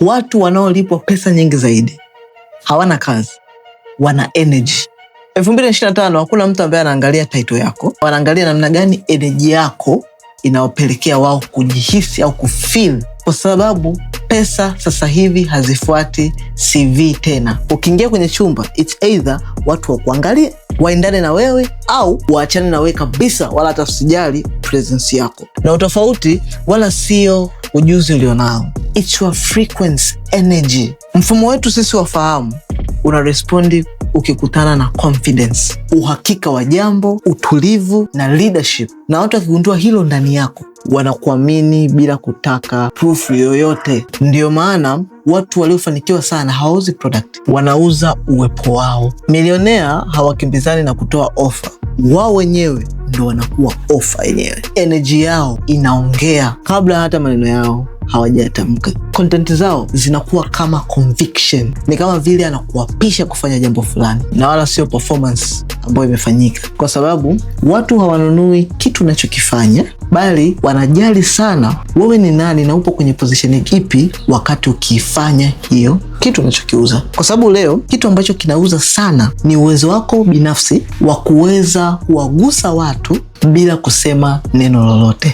Watu wanaolipwa pesa nyingi zaidi hawana kazi, wana energy. elfu mbili ishirini na tano hakuna mtu ambaye anaangalia title yako, wanaangalia namna gani energy yako inaopelekea wao kujihisi au kufeel, kwa sababu pesa sasa hivi hazifuati CV tena. Ukiingia kwenye chumba, it's either watu wa kuangalia waendane na wewe au waachane na wewe kabisa, wala hata usijali presence yako na utofauti, wala sio ujuzi ulionao it's your frequency energy. Mfumo wetu sisi wafahamu unarespondi ukikutana na confidence, uhakika wa jambo, utulivu na leadership, na watu wakigundua hilo ndani yako wanakuamini bila kutaka proof yoyote. Ndiyo maana watu waliofanikiwa sana hawauzi product, wanauza uwepo wao. Milionea hawakimbizani na kutoa ofa, wao wenyewe ndo wanakuwa ofa yenyewe. Energy yao inaongea kabla hata maneno yao hawajatamka. Content zao zinakuwa kama conviction, ni kama vile anakuapisha kufanya jambo fulani, na wala sio performance ambayo imefanyika, kwa sababu watu hawanunui kitu unachokifanya, bali wanajali sana wewe ni nani na upo kwenye pozisheni kipi wakati ukiifanya hiyo kitu unachokiuza, kwa sababu leo kitu ambacho kinauza sana ni uwezo wako binafsi wa kuweza kuwagusa watu bila kusema neno lolote.